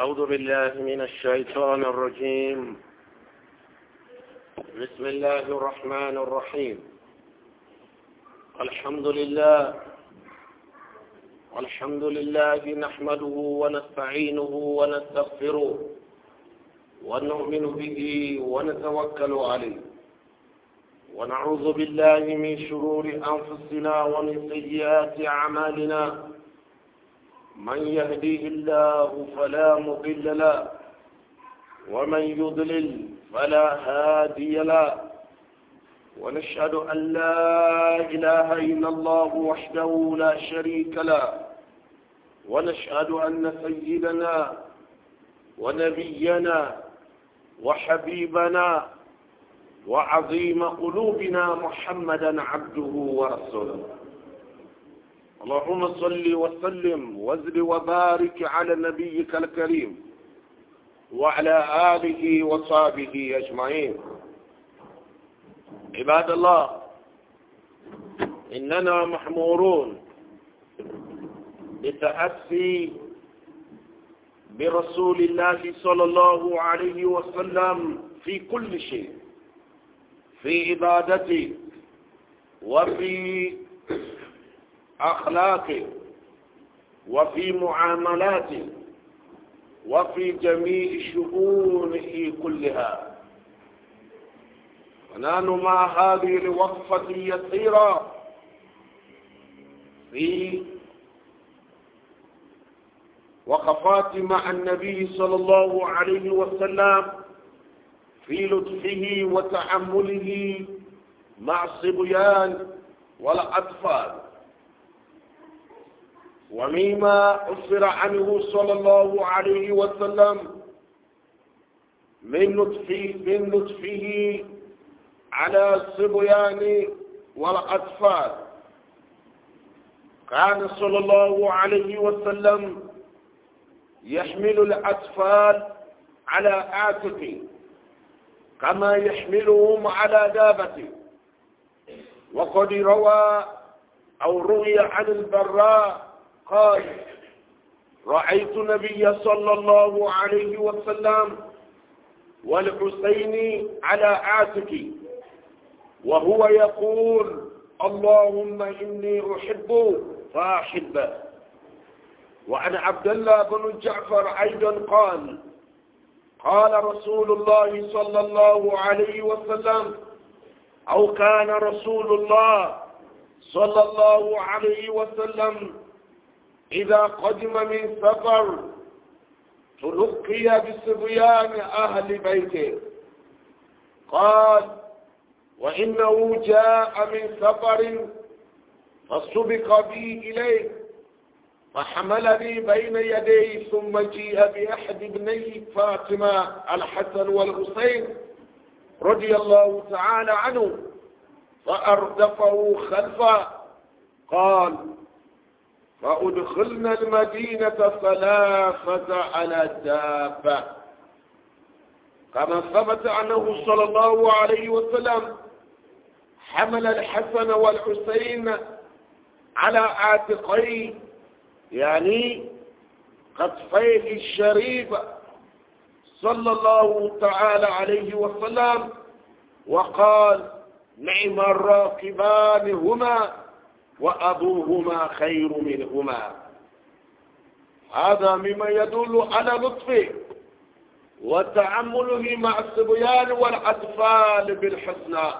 أعوذ بالله من الشيطان الرجيم بسم الله الرحمن الرحيم الحمد لله الحمد لله نحمده ونستعينه ونستغفره ونؤمن به ونتوكل عليه ونعوذ بالله من شرور أنفسنا ومن سيئات أعمالنا من يهديه الله فلا مضل له ومن يضلل فلا هادي له ونشهد أن لا إله إلا الله وحده لا شريك له ونشهد أن سيدنا ونبينا وحبيبنا وعظيم قلوبنا محمدا عبده ورسوله اللهم صل وسلم وزل وبارك على نبيك الكريم وعلى آله وصحبه أجمعين عباد الله إننا محمورون لتأسي برسول الله صلى الله عليه وسلم في كل شيء في عبادته وفي أخلاقه وفي معاملاته وفي جميع شؤونه كلها ونحن مع هذه الوقفة اليسيرة في وقفات مع النبي صلى الله عليه وسلم في لطفه وتحمله مع الصبيان والأطفال ومما أصر عنه صلى الله عليه وسلم من لطفه, من لطفه على الصبيان والأطفال كان صلى الله عليه وسلم يحمل الأطفال على عاتقه كما يحملهم على دابته وقد روى أو روي عن البراء قال رأيت النبي صلى الله عليه وسلم والحسين على عاتقي وهو يقول اللهم إني أحب فأحبه وعن عبد الله بن جعفر أيضا قال قال رسول الله صلى الله عليه وسلم أو كان رسول الله صلى الله عليه وسلم إذا قدم من سفر تلقي بصبيان أهل بيته قال وإنه جاء من سفر فسبق بي إليه فحملني بين يديه ثم جيء بأحد ابني فاطمة الحسن والحسين رضي الله تعالى عنه فأردفه خلفه قال فأدخلنا المدينة ثلاثة على دابة كما ثبت عنه صلى الله عليه وسلم حمل الحسن والحسين على عاتقي يعني كتفيه الشريف صلى الله تعالى عليه وسلم وقال نعم الراكبان هما وأبوهما خير منهما هذا مما يدل على لطفه وتعامله مع الصبيان والأطفال بالحسنى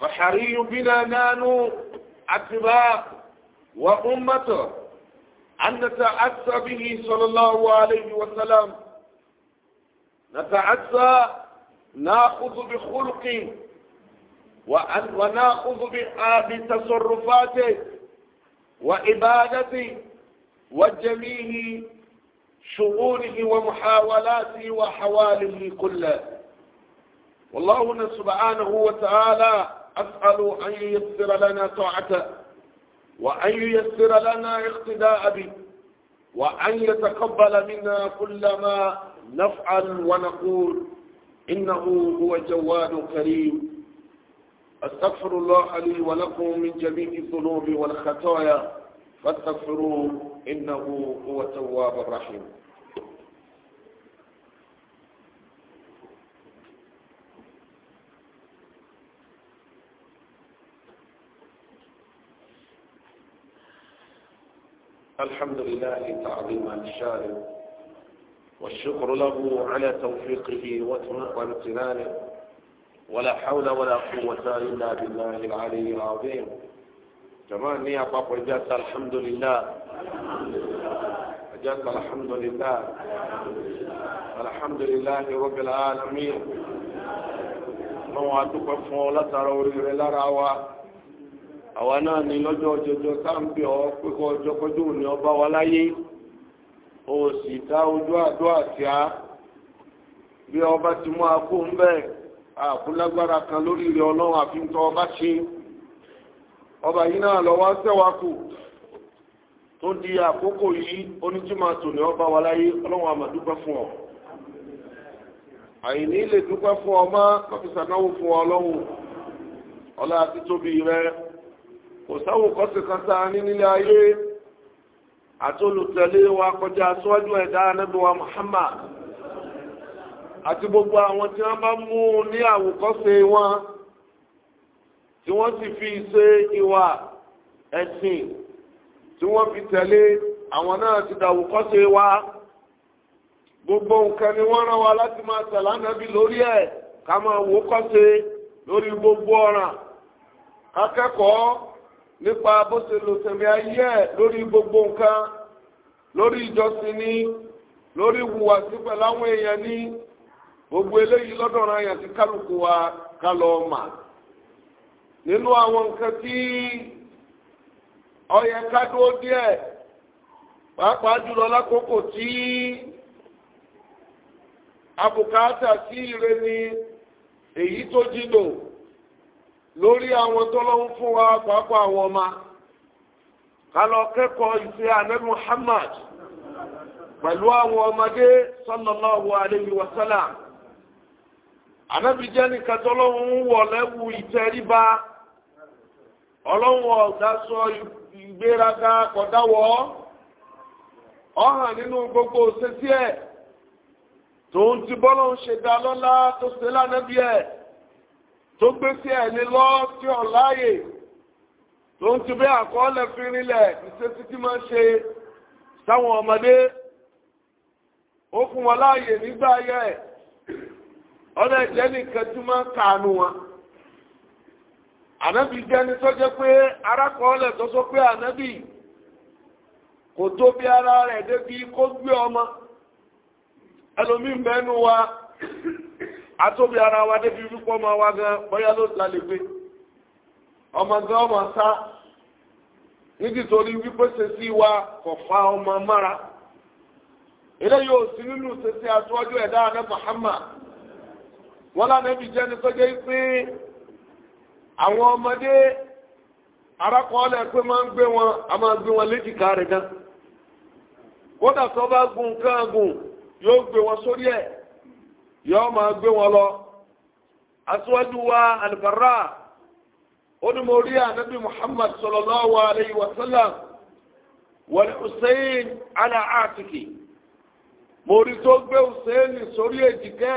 فحري بنا نانو أتباع وأمته أن نتعسى به صلى الله عليه وسلم نتعسى ناخذ بخلقه وناخذ بتصرفاته وعبادته وجميع شؤونه ومحاولاته وحواله كله والله سبحانه وتعالى أسأل أن ييسر لنا طاعته وأن ييسر لنا اقتداء به وأن يتقبل منا كل ما نفعل ونقول إنه هو جواد كريم أستغفر الله لي ولكم من جميع الذنوب والخطايا فاستغفروه إنه هو التواب الرحيم الحمد لله تعظيما الشارع والشكر له على توفيقه وامتنانه ولا حول ولا قوة إلا بالله العلي العظيم جماعة نية بابا جاءت الحمد لله جاءت الحمد لله الحمد لله رب العالمين lọ́wọ́ adúpẹ́ fún ọ látara oríire lára wa àwa náà ni lọ́jọ́ ọjọ́jọ́ sáàmbì ọ pẹ́kọ́ ọjọ́ kọjú òní ọba wa láyé o sì dá ojú àdó àti á bí ọba ti mú akó ń bẹ́ẹ̀ àkúlágbára kan lórí ilẹ̀ ọlọ́run àfihàn ọba ṣe ọba yìí náà lọ wá sẹ́wàkù tó di àkókò yìí oníjúmọ̀ tòní ọba wa láyé ọlọ́run àmàdúgbà fún ọ àìní lè dúpẹ́ fún ọmọ lọ́fíìsà náà fún ọ lọ́wọ́ ọlá àti tóbi rẹ kò sáwò kọ́sìkọ́sá ní nílé ayé àtolùtẹ̀lé wa kọjá síwájú ẹ̀dá anábíwa Muhammad àti gbogbo àwọn tí wọ́n bá mú ní àwòkọ́ṣe wọn tí wọ́n sì fi ṣe ìwà ẹ̀sìn tí wọ́n fi tẹ̀lé àwọn náà ti dàwòkọ́ṣe wa gbogbo nǹkan ni wọ́n rán wa láti máa tẹ̀lé ànábì lórí ẹ̀ ká máa wò kọ́ṣe lórí gbogbo ọ̀ràn ká kẹ́kọ̀ọ́ nípa bó ṣe lò tẹ̀mí ayé ẹ̀ lórí gbogbo nǹkan lórí ìjọsìn ni lórí ìwùwàsí pẹ̀lú àwọn èèyàn ni. gbogbo eléyìí lọ́dọ̀ ọ̀rọ̀ àyàn ti kálukú wa ká lọ mà nínú àwọn nǹkan tí ó yẹ díẹ̀ pàápàá jùlọ lákòókò ire ni èyí tó jìnnà lórí àwọn tó fún wa pàápàá àwọn ọmọ ká lọ kẹ́kọ̀ọ́ ìṣe ànábì Muhammad pẹ̀lú àwọn ọmọdé sallallahu alayhi wa ànábì jẹ́ nìkan tọ́lọ́hún ń wọ̀ lẹ́wù ìtẹríba ọlọ́hún ọ̀gá sọ ìgbéraga kọ̀dáwọ́ ọ̀hàn nínú gbogbo òṣèṣì ẹ̀ tòun ti bọ́lọ́hún ṣe dá lọ́lá tó ṣe lánàbí ẹ̀ tó gbé sí ẹ̀ ní lọ́ tí ọ̀ láàyè tòun ti bẹ́ àkọọ́lẹ̀ fi rinlẹ̀ ìṣesí tí máa ń ṣe sáwọn ọmọdé ó fún wọn láàyè nígbà ayẹ Ọ na nìkan tí máa ń kàánú wọn ànábì jẹ́ ní tó jẹ́ pé ọ tó anabi? kò ara rẹ̀ débi kó gbé ọmọ ẹlòmí mẹ́nu wa àtóbi ara wa débi wípọ́ ma wá gan bóyá ló lálẹ́ pé ọmọ gan ọmọ sá nítorí wípé sẹ́sí wa kò fa ọmọ mára sí nínú sẹ́sí ẹ̀dá Muhammad wọ́n lánàbí jẹ́ ní tọ́jẹ́ pé àwọn ọmọdé arákọọ́lẹ̀ pé máa ń gbé wọn a máa gbé wọn léjìká rẹ̀ gan kódà tó bá gun nǹkan gùn yóò gbé wọn sórí ẹ̀ yóò máa gbé wọn lọ aṣíwájú wa alìbàrà ànábì Muhammad wa sallam Hussein ala atiki tó gbé Hussein sórí èjìká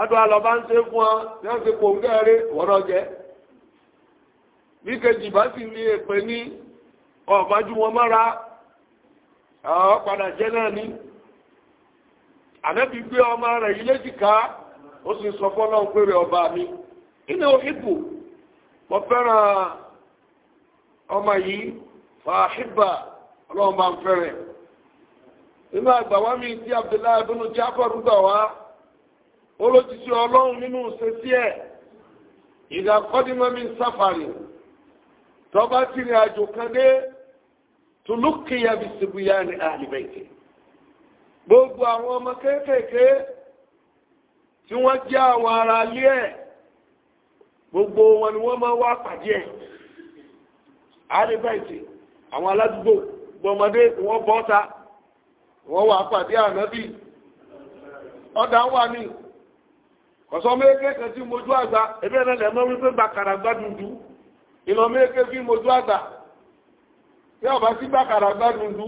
adó alọba ń ṣe fún ọ ní wọ́n fi pò ń kẹ́rẹ́ wọ́rọ́ jẹ́ bí kejì bá sì ní èpè ní ọ̀bájú wọn mọ́ra ọ̀ padà jẹ́ náà ní ànábì gbé ọmọ rẹ̀ yìí léjìká ó sì sọ fọ́nà ń ọba mi inú ipò mo fẹ́ràn ọmọ yìí fàáhìbà ọlọ́run ń fẹ́rẹ̀ nínú àgbà tí Abdullahi ibn Jafar gbà wá olójijì ọlọ́run nínú ṣẹ́sí ẹ̀ ìdàkọ́dímọ́mí sáfàrì tọ́ba tìrìn àjò kan dé tùlùkìyà bí sìbúyà ní àlìbẹ̀tì gbogbo àwọn ọmọ kéékèèké tí wọ́n jẹ́ àwọn ará ẹ̀ gbogbo wọn ni wọ́n máa wá pàdé ẹ̀ àlìbẹ̀tì àwọn aládùúgbò gbọmọdé bọ́ta wà pàdé ànábì ọ̀dà wà ní. ọ̀sọ́ mẹ́kẹ́ kan tí mojú àgbà ẹbí ẹ̀rẹ́ lẹ́mọ́ wípé bàkàrà gbá dúdú ìlọ mẹ́kẹ́ fi mojú àgbà tí ọba sí bàkàrà gbá dúdú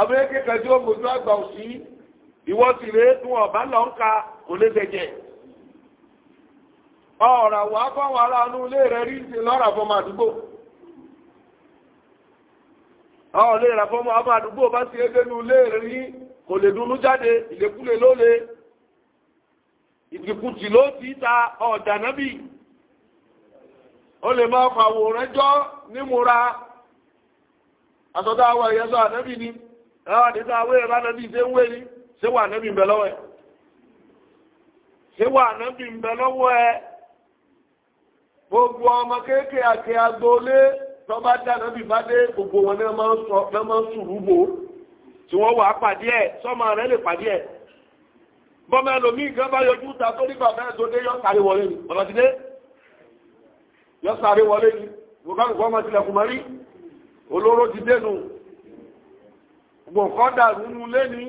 ọmọkẹ́ kan tí ó mojú àgbà ò sí ìwọ́ sì rèé tún ọ̀bá lọ ń ka kò lè tẹ̀jẹ̀ ọ̀rà wà fáwọn aráàlú ilé rẹ̀ rí ṣe lọ́rà fọmọ àdúgbò ọ̀rà fọmọ àdúgbò bá ti ẹgbẹ́ nu ilé rí kò lè dunú jáde ìlékúlé lólè ìpìkùtì ló ti ta ọ̀dà nábì ó lè máa pàwòrán jọ nímúra àsọdá àwọn ìyẹ́sọ ànábì ni ẹwà nígbà àwọn èrò ànábì ṣe ń wé ní ṣé wà ànábì ń bẹ lọ́wọ́ ẹ̀ ṣé wà ànábì ń bẹ lọ́wọ́ ẹ̀ gbogbo ọmọ kéèkèé àti agboolé tọ́ba dá ànábì bá dé gbogbo wọn náà máa ń sùúrù bò tí wọ́n wà pàdé ẹ̀ sọ́mọ rẹ̀ lè pàdé ẹ̀ bọ́mọ ẹlòmí nǹkan bá yọjú ta tó nígbà bẹ́ẹ̀ tó dé yọ́sàrí wọlé ni ọ̀nà ti dé yọ́sàrí wọlé ni gbogbo ọmọ tilẹ̀kùn mọ́ rí olóró ti dénú gbọ̀ǹkan dàrú nú lé ní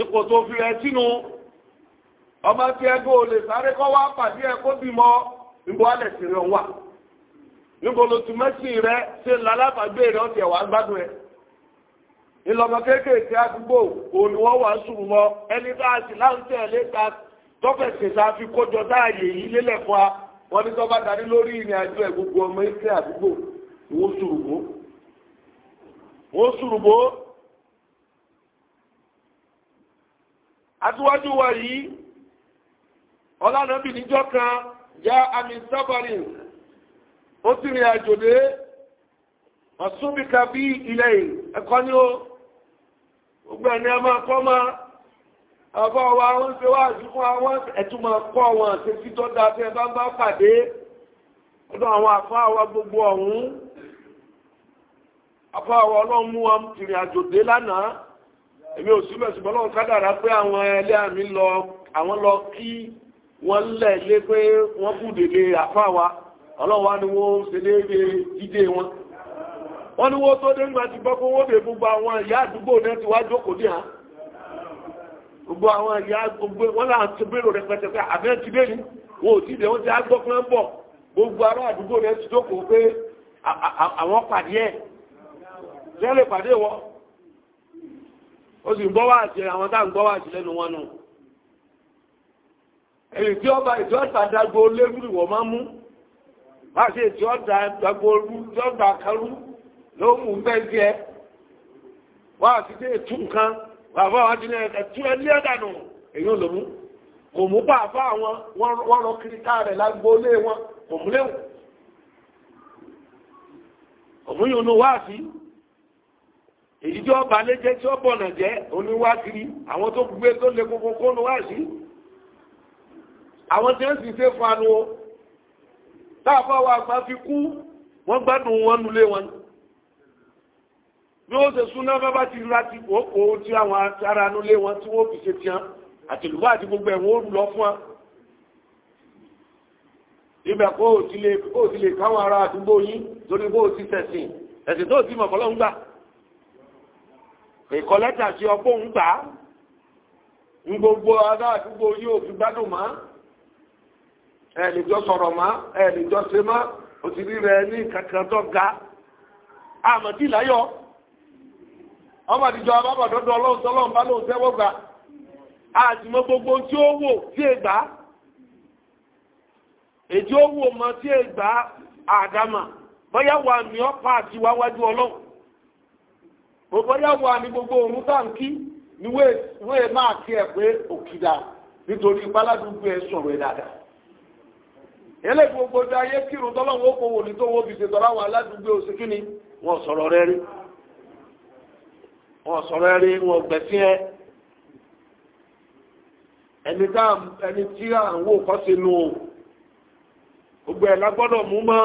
ipò tó fi ẹ sínú ọmọ tí ẹgbẹ́ ò lè sáré kọ́ wá pàdé ẹ kó bímọ níbo alẹ̀ sí rẹ̀ wà níbo lo ti mẹ́sìn rẹ̀ ṣe lálábàgbé rẹ̀ ọ̀tẹ̀ wà gbádùn ẹ̀ ìlọ́mọ kéékèèké àdúgbò òníwọ́ ń sùn mọ́ ẹni bá a sì láǹtẹ̀ ẹ̀lẹ́ta tọ́fẹ̀sẹ̀ tá fi kójọ dáàyè yìí lélẹ̀ fún wa wọ́n ní tọ́ba dání lórí ìrìn àjò ẹ̀ gbogbo ọmọ ìkẹ́ àdúgbò wọ́n sùrùgbó wọ́n sùrùgbó aṣíwájú wa yìí ọlánàbì níjọ́ kan ya àmì sábàrì ó sì rìn àjò dé ọ̀sùnbíkà bí ilẹ̀ ẹ̀kọ́ ni ó gbogbo ẹni a máa kọ́ máa àbá wa ń ṣe wá àdúgbò àwọn ẹ̀tún máa kọ́ wọn ṣe sí tó dáa fẹ́ bá bá pàdé ọdún àwọn àfá wa gbogbo ọ̀hún àfá wa ọlọ́run mú wọn tìrì àjò dé lánàá èmi ò síbẹ̀ ṣùgbọ́n lọ́wọ́ kádàrá pé àwọn ẹlẹ́ àmì lọ àwọn lọ kí wọ́n lẹ̀ lé pé wọ́n kú délé àfá wa ọlọ́run wa ni wọ́n ṣe déédéé wọ́n ní wọ́n tó dé nígbà tí gbọ́kún wọ́n bè gbogbo àwọn ìyá àdúgbò náà ti wá jókòó ní à gbogbo àwọn ìyá gbogbo wọ́n là ń ti bèrò rẹpẹtẹ pé àbẹ́ ti dé ní wọn ò tíì dé wọ́n ti á gbọ́kún náà bọ̀ gbogbo ará àdúgbò náà ti jókòó pé àwọn pàdé ẹ̀ lẹ́lẹ̀ pàdé wọ́ ó sì ń gbọ́ wá àti àwọn tá à ń gbọ́ wá àti lẹ́nu wọn nù èyí tí ọba ìtọ́ta dágbó lérú ìwọ̀ máa mú wá sí ètí ọ̀dà dágbó rú tí ọ̀dà karú ló mú gbẹ́gbẹ́ ẹ wá àtijọ́ ètú nǹkan bàbá wa ti ní ẹ̀tú ẹ ní ẹ̀dànù èyí ò lò mú kò mú bàbá wọn wọ́n rọ kiri ká rẹ̀ lágbóolé wọn kò mú léwu òun yóò nu wáàfí èyí tí ọba lé jẹ́ tí ọbọ̀nà jẹ́ oníwákiri àwọn tó gbé tó lé gbogbo kó nu wáàfí àwọn tí ó sì ṣe fanu o táàbọ̀ wa gba fi kú wọ́n gbádùn wọn nulẹ̀ wọn ni bí ó ṣe súná bábá ti ra ti òpó tí àwọn ará anúlé wọn tí wọ́n fi ṣe tiẹ́ àtìlúwà àti gbogbo ẹ̀wọ̀n ó lọ fún wa ibẹ̀ kó o ti lè kó o ti lè káwọn ará àdúgbò yín torí kó o ti tẹ̀sìn ẹ̀sìn tó ti mọ̀ fọlọ́ ń gbà ìkọ́lẹ́tà sí ọgbọ́n ń gbà ń gbogbo ará àdúgbò yín ò fi gbádùn mọ́ ẹ̀ lè jọ sọ̀rọ̀ mọ́ ẹ̀ lè jọ ṣe mọ́ òtí rírẹ̀ ní kankan tó ga àmọ̀dí láyọ̀. ọmọ àtijọ́ abábàdọ́dọ́ ọlọ́run tọ́lọ́run bá lóun tẹ́wọ́ gbà mọ gbogbo tí ó wò tí è gbà èdè ó wò mọ tí è gbà àdámà wà ní ọ̀pá àti wáwájú ọlọ́run bóyá wà ní gbogbo òun táǹkì ni wéè máa kí ẹ pé òkìdá nítorí páládùúgbò ẹ sọ̀rọ̀ dáadáa gbogbo ayé kírun wò ní tó wọn sọ̀rọ̀ ẹrí wọn gbẹ̀sí ẹ ẹni tí a ń wò kọ́ sínú gbogbo lágbọ́dọ̀ mú mọ́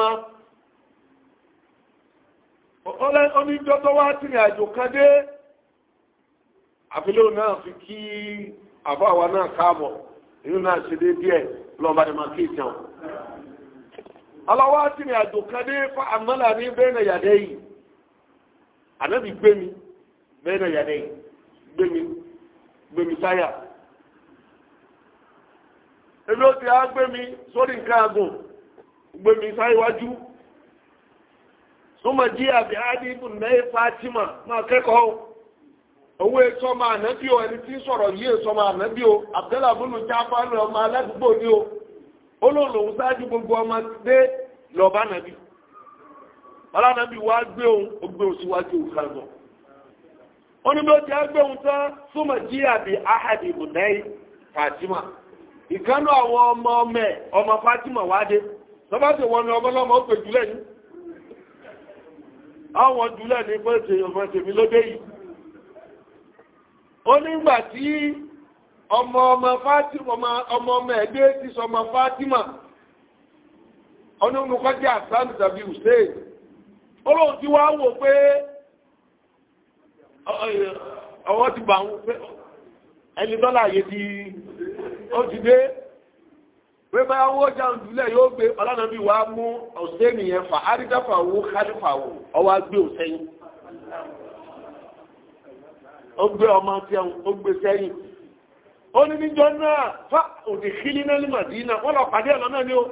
oníjọ́ tó wá tìrìn àjò kan dé àfilẹ́ náà fi kí àbáwa náà káàbọ̀ inú náà ṣe dé díẹ̀ lọ́ba ni máa ìtàn aláwọ̀ àjò ní bẹ́ẹ̀ yàdẹ́ yìí gbé mi bẹ́ẹ̀ náà gbẹ̀mí sáyà ebi ó ti á gbẹ̀mí sórí nǹkan àgùn gbẹ̀mí sáyíwájú súnmọ̀ jí àbí ipa mẹ́ẹ̀ Fátímà máa kẹ́kọ̀ọ́ owó èso ọmọ ànábí o ẹni tí sọ̀rọ̀ yí èso ọmọ ànábí o Abdullahi abúlù ọmọ aládùúgbò o o gbogbo wọ́n ní bó ti ẹgbẹ́ ohun tán súnmọ̀ jí àbí ahadi ìbùnẹ́yì Fatima ìkánú àwọn ọmọ ọmọ ọmọ Fatima wáde lọ́bàtí wọn ni ọmọ lọ́mọ ó pè jùlẹ̀ ní àwọn jùlẹ̀ ní pé ṣe ọmọ tèmi lóde yìí ó nígbà ọwọ́ ti bà wọn pé ẹni dọ́là yé ti ó ti dé pé bá owó jàǹdùlẹ̀ yóò gbé ọlọ́nà bí wàá mú ọ̀sẹ̀ nìyẹn fà árídàfà wo kálífà wo ọwọ́ gbé òsẹ́yìn ó gbé ọmọ tí ó gbé sẹ́yìn ó ní níjọ náà fá òdì kílí náà ní màdínà wọ́n lọ pàdé ọ̀nà náà ni ó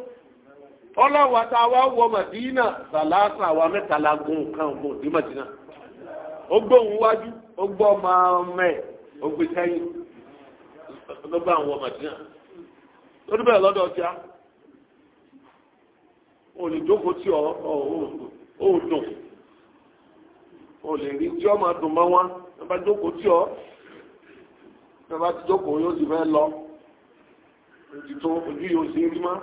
ọlọ́wọ́ àtàwọn wọ màdínà sàlásà wa mẹ́tàlá gun kan gun òdì màdínà ó gbóhùn wájú ó gbọ́ ọmọ ọmọ ẹ̀ ó gbé sẹ́yìn ló bá àwọn ọmọ tí náà lórí bẹ́ẹ̀ lọ́dọ̀ ọjà olùdókòó tí ọ̀ ọ̀ dùn o lè rí tí ọmọ dùn mọ́ wọn ẹ bá jókòó tí ọ ẹ bá ti yóò sì fẹ́ lọ ojú tó ojú yóò sì rí mọ́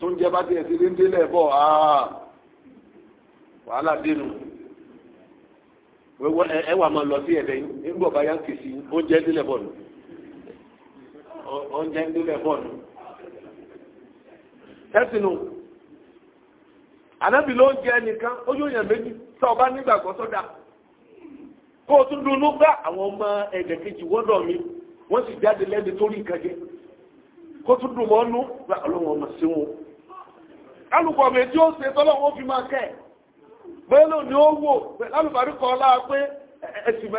tó ń jẹ́ bá tiẹ̀ sí déńdé lẹ̀ wàhálà dénú. ẹ wà máa lọ sí ẹ̀dẹ̀ nígbà bá yá ń kìsì oúnjẹ ń bọ̀nù oúnjẹ ń bọ̀nù. ẹ̀sìnù ànábì ló ń jẹ ẹnìkan ó yóò yàn méjì tá ọba nígbàgbọ́ sọ́dà kó o tún dunú gbá àwọn ọmọ ẹ̀dẹ̀ kejì wọ́dọ̀ mi wọ́n sì jáde lẹ́ni tó rí nǹkan tún ọlọ́wọ́n ọmọ sí wọn. bẹ́ẹ̀lò ni ó wò lálùbárí kan ọlá pé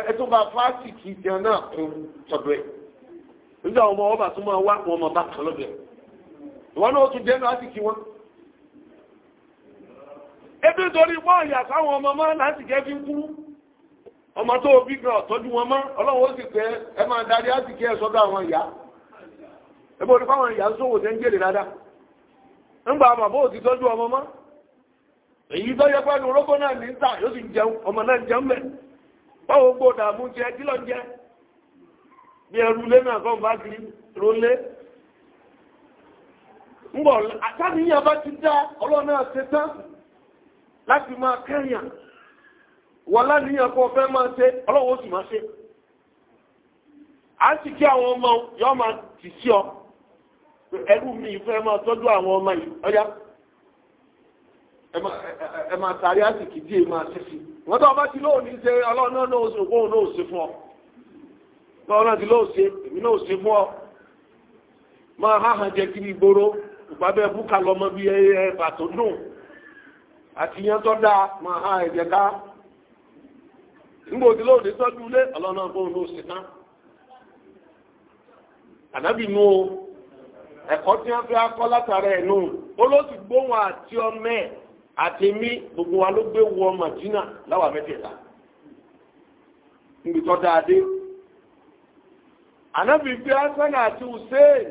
a bá fásitì kì náà kún ọ̀dọ̀ ẹ̀ nígbà wọn ọba tó máa wá wọn máa bá kan lọ́bẹ̀ náà tún àtìkí wọn. ebi wọ́n ọmọ mọ́ láti jẹ́ fi kú ọmọ tó bí gan wọn mọ́ ọlọ́run sì pé ẹ máa darí àtìkí ẹ̀ sọ́dọ̀ àwọn ìyá fáwọn ìyá ń tẹ́ ń gbèrè dáadáa ń gbà òtítọ́jú èyí tó yẹ pẹ́lú orógbó náà ní tà yóò sì jẹun ọmọ náà jẹun báwo gbó dààmú jẹ kí lọ jẹ bí ẹrú lé náà kọ́ bá kiri rólé ń bọ̀ àtàníyàn bá ti dá ọlọ́run náà ṣe tán láti máa kẹ́yàn wọ́n ṣe a kí àwọn ọmọ yọ máa tì sí ọ mi àwọn ọmọ yìí ẹ máa tàrí àsìkí díẹ̀ máa ṣe sí wọ́n tó ọba ti lóò ní ṣe ọlọ́run náà náà ṣe òun náà ṣe fún ọ lọ́wọ́ náà ti lóò ṣe èmi náà ṣe fún ọ máa háhàn jẹ kiri ìgboro ìpàbẹ́ búkà lọ́mọ bí ẹ bàtò dùn àti yẹn tó dáa máa há ẹ̀jẹ̀ ká nígbà òdì lóò ní tọ́jú ilé òun náà ṣe tán ànábì o ẹ̀kọ́ tí wọ́n fi akọ́ látara ẹ̀ nù gbóhùn àti a gbogbo wa ló gbé wọ Madina láwa mẹ́tẹ̀ẹ̀ta níbi dáadé ànábì gbé Hasan àti Hussein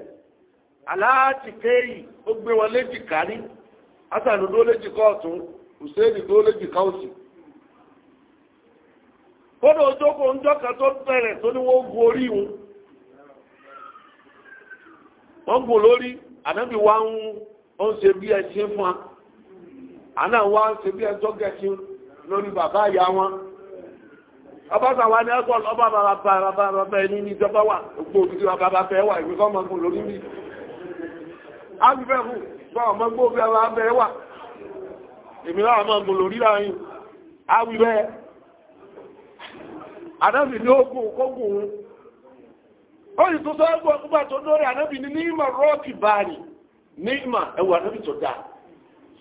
aláàtì kéyì ó gbé wọn léjì kárí léjì ká ọ̀tún léjì ká ń jọ́ka tó bẹ̀rẹ̀ tó ní wọ́n gorí àná wa ń se bí ẹjọ́ gẹ̀ẹ́sì lórí bàbá ìyá wọn ní ẹgbọ́n ọba bàbá ẹni ní ìjọba wà gbogbo òbí wa bàbá fẹ́ wà ìwé kọ́ mọ́gùn lórí mi ágbẹ́fù bọ́ ọmọ gbogbo wà èmi náà lórí ní ogun ó tó sọ ẹgbọ́n ọgbà tó lórí ní rọ́ọ̀kì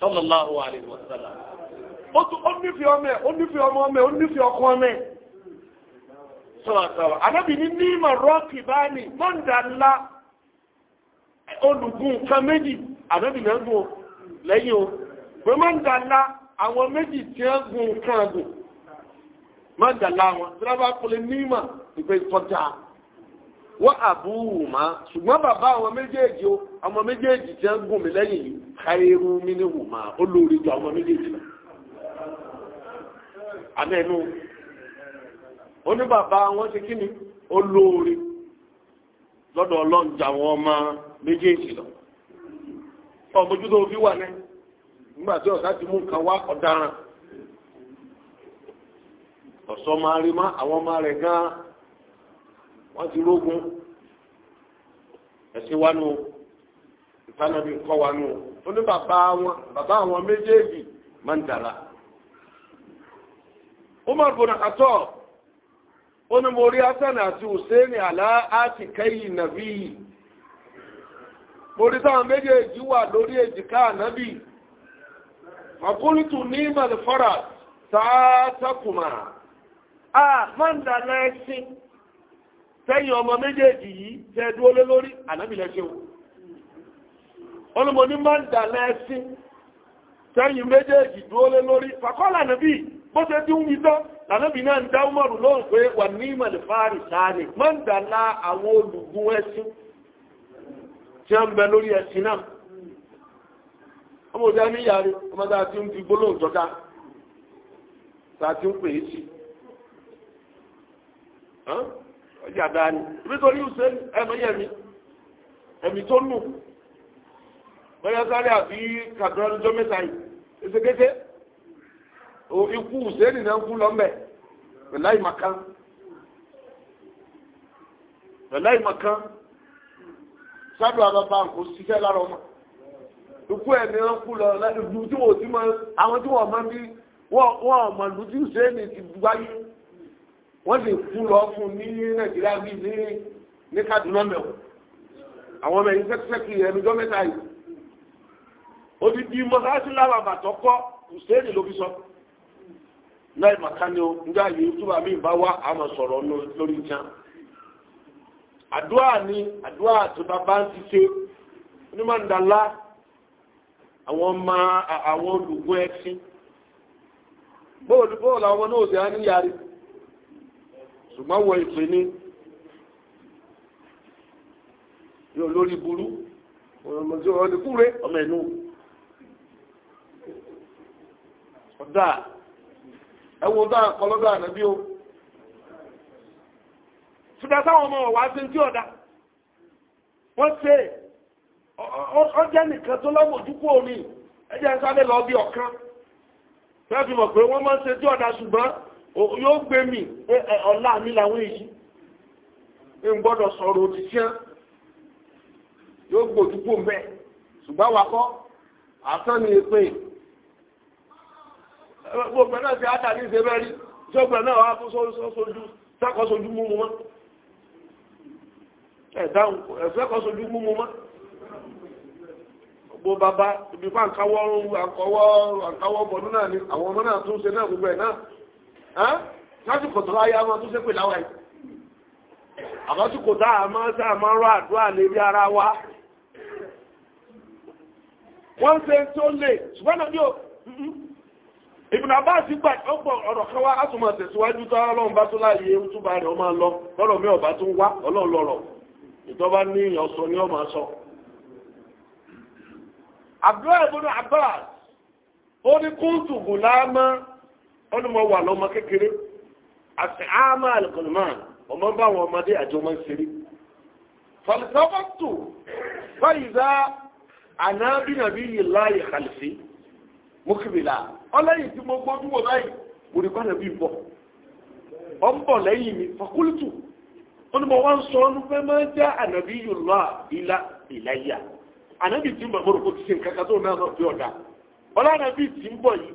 sallallahu alaihi wasallam ó nífẹ̀ẹ́ ọmọ ẹ̀ ó nífẹ̀ẹ́ ọmọ ọmọ ẹ̀ ó nífẹ̀ẹ́ ọkọ ọmọ ẹ̀ sọ̀rọ̀sọ̀rọ̀ anábì ní nímọ̀ rọ́ọ̀kì bá ní mọ́ǹdà ńlá olùgùn nǹkan méjì anábì náà gùn lẹ́yìn o pé mọ́ǹdà ńlá àwọn méjì tí ó gùn nǹkan gùn mọ́ǹdà ńlá wọn tí wọ́n bá kọ́lé nímọ̀ ìgbé ìtọ́jà wọ́n àbúrò má ṣùgbọ́n bàbá àwọn méjèèjì o ọmọ méjèèjì tí wọ́n gùn mí lẹ́yìn yìí káyérú mi ní wò má ó lórí ju ọmọ méjèèjì lọ. àmẹ́nu oní bàbá wọn ṣe kí ni ó lórí lọ́dọ̀ ọlọ́run ju àwọn ọmọ méjèèjì lọ. ọmọjútó fi wà ní nígbà tí ọ̀sá ti mú nǹkan wá ọ̀daràn ọ̀sọ́ máa rí má àwọn ọmọ rẹ̀ gan-an wọ́n ti rógun ẹ̀sìn wa nù ìfànàbí kọ́ wa nù ó ní bàbá wọn bàbá wọn méjèèjì máa ń dàrà Umar bin Khattab ó ní mo rí Hasan àti Hussein àlá àti kẹ́yìn nàbí yìí mo rí táwọn méjèèjì wà lórí èjìká ànábì ọkùnrin tún ní ìmọ̀lẹ́fọ́ra tààtàkùmá a máa ń dàrà ẹ̀sìn. sẹ́yìn ọmọ méjèèjì yìí tẹ́ dúró lé lórí ànábìlẹ̀ olùmọ̀ ní máa ń dà lẹ́ẹ̀sìn sẹ́yìn méjèèjì lé lórí fàkọ́lá nàbí tí ń wí tán náà dá Umaru lóhùn pé wà ní ìmọ̀lẹ̀ sáàrì máa ń dà lá àwọn olùgún tí a ń bẹ lórí náà ọjà dání nítorí hussein ẹnu yẹmi ẹ̀mí tó nù bẹ́ẹ̀ sáré àbí kàdúrà lọ́jọ́ mẹ́ta yìí ẹsẹ̀kẹ́sẹ̀ ikú hussein náà ń kú lọ́mẹ̀ pẹ̀lá ìmàkan pẹ̀lá ìmàkan sádùn àbábá kò ṣiṣẹ́ lára ọmọ ikú ẹ̀ ní wọ́n kú lọ ìlú tí wọ́n ti mọ àwọn tí wọ́n mọ bí wọ́n mọ ìlú tí hussein ti gbáyé. wọ́n sì kú lọ fún ní nàìjíríà bí ní ní kaduna mẹ́wọ̀ àwọn ọmọ ẹ̀yìn sẹ́kísẹ́kì ẹnujọ́ mẹ́ta yìí odidi mọ́sáàsì lára bàtọ́ kọ́ kùsẹ́ẹ̀dì ló fi sọ láì màkà o nígbà yìí túbà mí bá wá àmọ̀ sọ̀rọ̀ lórí àdúrà ni àdúrà tó bá bá ń ti ọmọ àwọn ṣùgbọ́n wọ ìpè ní yóò lórí burú ọmọdé ọdẹkùnrin ọmọ ẹnu ọ̀dà ẹwọ ọ̀dà kọlọ́dà ànábí o ṣùgbọ́n táwọn ọmọ ọ̀wá ṣe ń tí ọ̀dà wọ́n ṣe ọjọ́ nìkan tó lọ́mọ̀dúkú omi ẹjẹ́ ń sáré lọ bí ọ̀kan fẹ́ẹ́ fi mọ̀ pé wọ́n máa ń ṣe tí ọ̀dà ṣùgbọ́n yóò gbé mi ọ̀la mi làwọn èyí ń gbọ́dọ̀ sọ̀rọ̀ òtítíán yóò gbòdúgbò mẹ́ ṣùgbọ́n wa kọ́ àtọ́ ni gbogbo náà ti ádà ní ìṣẹ́ mẹ́rin ṣọ́gbọ̀n náà wá fún sójú sẹ́kọ̀ọ́ mọ́ ẹ̀dáhùn mọ́ gbogbo bàbá fún àkọwọ́ àkọwọ́ bọ̀dún náà ni àwọn ọmọ náà tún ṣe náà gbogbo ẹ̀ lásìkò tó láyé ọmọ tó ṣépè láwa yìí àbásìkò tá a máa ṣe àmọ́ rọ àdúrà lérí ara wa wọ́n ṣe tó lè ṣùgbọ́n náà yóò Ibn Abbas gbà ọ̀pọ̀ ọ̀rọ̀ kan wá átùmọ̀ tẹ̀síwájú tó ọlọ́run bá tó láàyè túbà rẹ̀ ọmọ lọ lọ́rọ̀ mi ọ̀bá tó ń wá ọlọ́run lọ́rọ̀ ìjọba ní ọ̀sọ̀ ni ọmọ sọ. Abdullahi ibn Abbas ó ní kúntù gùn láàmú ó ní mo wà lọ́mọ kékeré àti àmà àlùkùnmán ọmọ bá àwọn ọmọdé àjọ máa ń ṣeré. fọlùsọ́fọ́tò fọ́yìzá ànábìnàbí yìí láàyè kàlùfẹ́ mọ́kìbìlà ọlẹ́yìn tí mo gbójú wọ báyìí mo rí bánà bí bọ̀ ọ ń bọ̀ lẹ́yìn mi fọkúlùtù ó ní mo sọ ọ́nú pé máa ń ànábì yìí ìlà ìlàyà ànábì tí mo rò kó nǹkan kan tó náà náà fi ọ̀dà ọlọ́run ànábì tí ń bọ̀ yìí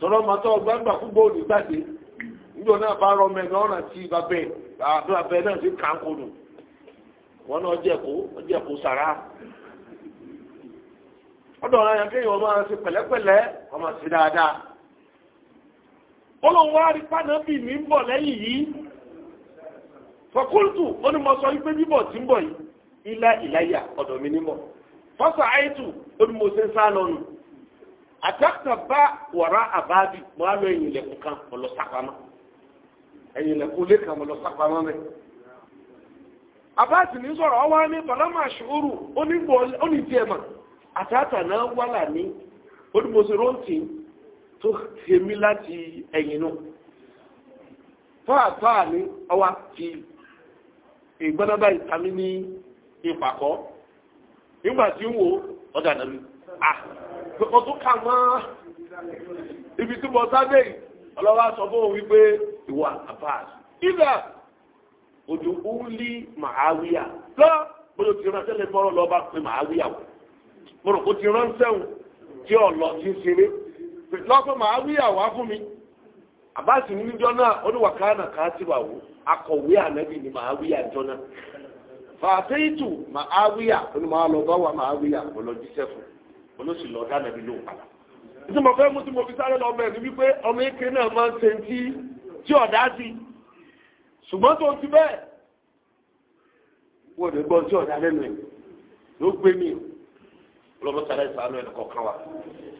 tọ́lọ́ máa tọ́ gbàgbà púpọ̀ òní gbàgbé níjọ náà bá rọ mẹ́rin ọ̀ràn tí babẹ́ náà ti kà ń kó nù wọn náà jẹ̀kó jẹ̀kó sàrà. ọ̀dọ̀ ọ̀rọ̀ yẹn kéèyàn máa ṣe ọmọ dáadáa. olóhùn wa rí mi ń yìí. ó ní mo sọ wípé ń yìí ilá ìláyà mi ní ó ní mo ṣe ń sá àtàkùn bá wàrà àbáàbí mo á lọ ẹ̀yìn ilẹ̀kùn kule ka lọ sápamọ́ ẹ̀yìn ilẹ̀kùn ilé kan mo lọ sápamọ́ mẹ́. àbáàtì ni sọ̀rọ̀ ọwọ́ ní bàlámà ṣòro onígbòónìjẹ́ mà àtàtà náà wálà ní onímọ̀sọ̀rọ̀ǹtì tó ti wo mo tún kà mọ́ ibi tí mo sáde yìí ọlọ́wọ́ sọ fún òun wípé ìwà Abbas ibà òjò òǹlí màáwíyà lọ bóyá ti ránṣẹ́ lè fọ́rọ̀ lọ bá pé màáwíyà wò mo rò ti ránṣẹ́ òun tí ọ̀lọ́ ti ń ṣeré lọ́pọ̀ màáwíyà wá fún mi Abbas ní níjọ́ náà oníwàkánà kan ti wà wò akọ̀wé ànábì ní màáwíyà jọ náà fàtẹ́yìntù màáwíyà onímọ̀ àlọ́ bá wà màáwíyà ọlọ́jíṣẹ́ fún olóṣì lọ dá nàbí lóhùn padà. mo fẹ́ mú tí mo fi sáré lọ bẹ̀rẹ̀ wípé ọmọ eke náà máa ń ṣe tí tí ọ̀dá sí ṣùgbọ́n tó ti bẹ́ẹ̀ wọ́n lè gbọ́ tí ọ̀dá lẹ́nu ẹ̀ ló gbé mi ọlọ́mọ sáré sàánú ẹ̀ kọ̀ọ̀kan wa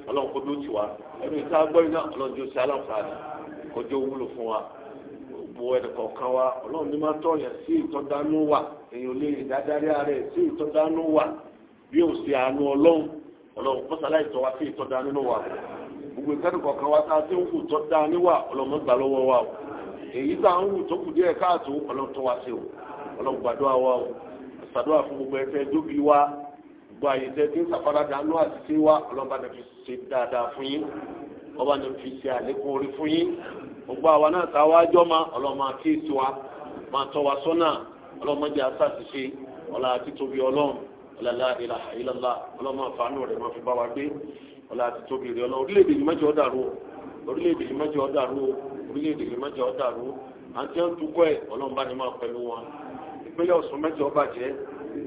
ọlọ́run kò dúró tì wá ẹnu ìta gbọ́ iná ọlọ́run jẹ́ oṣù aláǹfààní kọjọ́ wúlò fún wa gbogbo ẹnì kọ̀ọ̀kan wa ọlọ́run ní máa tọ̀yàn sí ìtọ́dánú wa èèyàn lè dáadáa rí ara ẹ̀ sí ìtọ́dánú ọlọ́run mọ́sálá ìtọ́ wa sí ìtọ́da nínú wa gbogbo ìkẹ́ni kọ̀ọ̀kan wa tá a ti ń hù tọ́da níwà ọlọ́run gbà lọ́wọ́ wa o èyí tá a ń hù tó kù díẹ̀ káàtó ọlọ́run tó wa sí o ọlọ́run gbàdúrà wa o ṣàdúrà fún gbogbo ẹ̀fẹ́ dóbi wa gbogbo àyè tẹ́ tí ń sàfaradà nú àtìsí wa ọlọ́run bá ní fi ṣe dáadáa fún yín ọba ní fi ṣe àlékún orí fún yín gbogbo àwa náà tá wá jọ́ ma ọlọ́run máa kíyèsí ọlọ́lá ìlà ìlọ́lá ọlọ́mọ àfààní rẹ̀ máa fi bá wa gbé ọlá àti tóbi rẹ̀ ọlọ́ orílẹ̀-èdè yìí mẹ́jọ dàrú orílẹ̀-èdè yìí mẹ́jọ dàrú orílẹ̀-èdè yìí mẹ́jọ dàrú àti ẹ̀ ń tukọ̀ ẹ̀ ọlọ́mọba ni máa pẹ̀lú wọn ìpínlẹ̀ Ọ̀ṣun mẹ́jọ bàjẹ́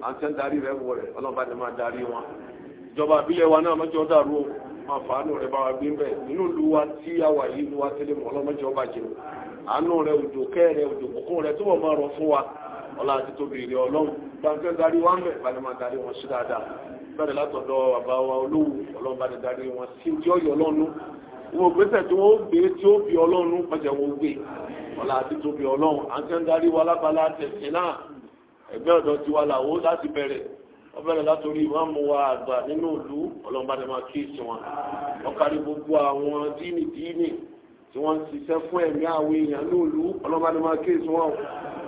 àti ẹ̀ ń darí rẹ̀ wọ̀ rẹ̀ ọlọ́mọba ni máa darí wọn ìjọba àbílẹ̀ wa náà mẹ́jọ dàrú máa fàánù rẹ̀ bá wa gbé bẹ́ẹ̀ nínú ìlú wa tí a wà yìí ìlú wa tẹ́lẹ̀ mọ́ ọlọ́mọjọ bàjẹ́ àánú rẹ̀ òjò kẹ́ rẹ̀ òjò bùkún rẹ̀ tó wọ́n máa rọ fún wa ọlá àti tóbi ìrẹ ọlọ́run gbàǹkẹ́ darí wọn bẹ̀ balẹ̀ máa darí wọn sí dáadáa bẹ́ẹ̀ látọ̀dọ̀ bàbá wa olówó ọlọ́run bá ti darí wọn sí tí ó yọ ọlọ́run wọn gbèsè tí wọn gbé tí ó fi ọlọ́run pàṣẹ wọn gbé ọlá àti tóbi ọlọ́run àǹkẹ́ ń darí wa lábala tẹ̀sí náà ẹgbẹ́ ọ̀dọ́ ti wà láwọ́ láti bẹ̀rẹ̀ ọbẹ̀rẹ̀ látòrí ìmáàmù wa àgbà nínú ìlú ọlọ́run bá ti máa kíyèsí tí wọ́n ń ṣiṣẹ́ fún ẹ̀mí àwọn èèyàn ní òlu ọlọ́ba ni máa ké sí wọn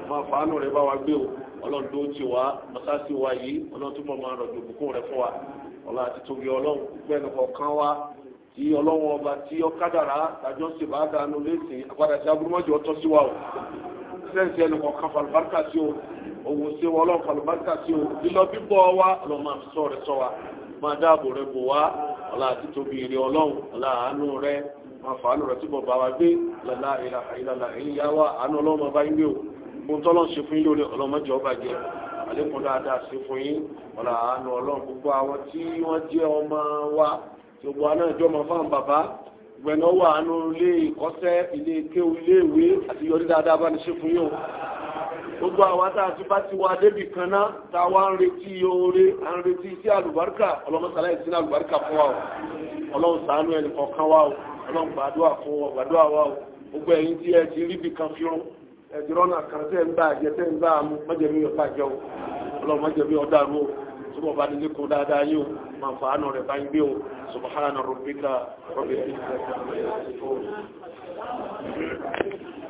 máa fàánù rẹ̀ bá wa gbé o ọlọ́run tó ti wá mọ́sáàsì wa yìí ọlọ́run tó bọ̀ máa rọ̀ dòbùkún rẹ̀ fún wa ọlọ́run àti tóbi ọlọ́run gbẹ́nu kọ̀ọ̀kan wa tí ọlọ́run ọba tí ọ̀kadàrà tàjọ́ sì bá dànù lẹ́sìn àgbàdà tí aburúmọ́jọ́ tọ́ sí wa o sẹ́ǹsì ẹnu kọ̀ọ̀kan falùbáríkà sí o òwò sí wa ọlọ́run falùbáríkà sí o lílọ bíbọ̀ wa ọlọ́run máa fi sọ rẹ̀ sọ wa máa dáàbò rẹ̀ bò wa ọlọ́run àti tóbi ìrẹ̀ ọlọ́run ọlọ́run àánú rẹ̀ máa fà á nù rẹ̀ túbọ̀ bá wa gbé lọ́la ìlànà ìlànà ìyá wa àánú ọlọ́mọ bá ń gbé o ohun tọ́lọ́ ṣe fún yín lórí ọlọ́mọjọ́ bàjẹ́ àlékún dáadáa ṣe fún yín ọ̀là àánú ọlọ́run gbogbo àwọn tí wọ́n jẹ́ ọmọ wa gbogbo àná ìjọ ọmọ fáwọn bàbá gbẹ̀nà wà àánú ilé ìkọ́sẹ́ ilé kéwú ilé ìwé àti yọrí dáadáa bá ní ṣe fún yín gbogbo àwa tá a ti bá ti wá débi kan náà tá a wá ń retí oore à ń retí iṣẹ́ àlùbáríkà ọlọ́mọsálá ìsìn àlùbáríkà fún wa o ọlọ́run ṣàánú ẹnì kọ̀ọ̀kan wa o ọlọ́run gbàdúrà fún wa gbàdúrà wa o gbogbo ẹ̀yin tí ẹ ti ríbi kan fi rún ẹ ti rọ́nà kan tẹ́ ń bá àjẹ tẹ́ ń bá àmú mọ́jẹ̀mí ọ̀pá jẹ́ o ọlọ́run mọ́jẹ̀mí ọ̀dà rú o túbọ̀ bá nílé kó dáadáa yóò máa fa àánú rẹ̀ báyìí gbé o subhana rabbika rabbil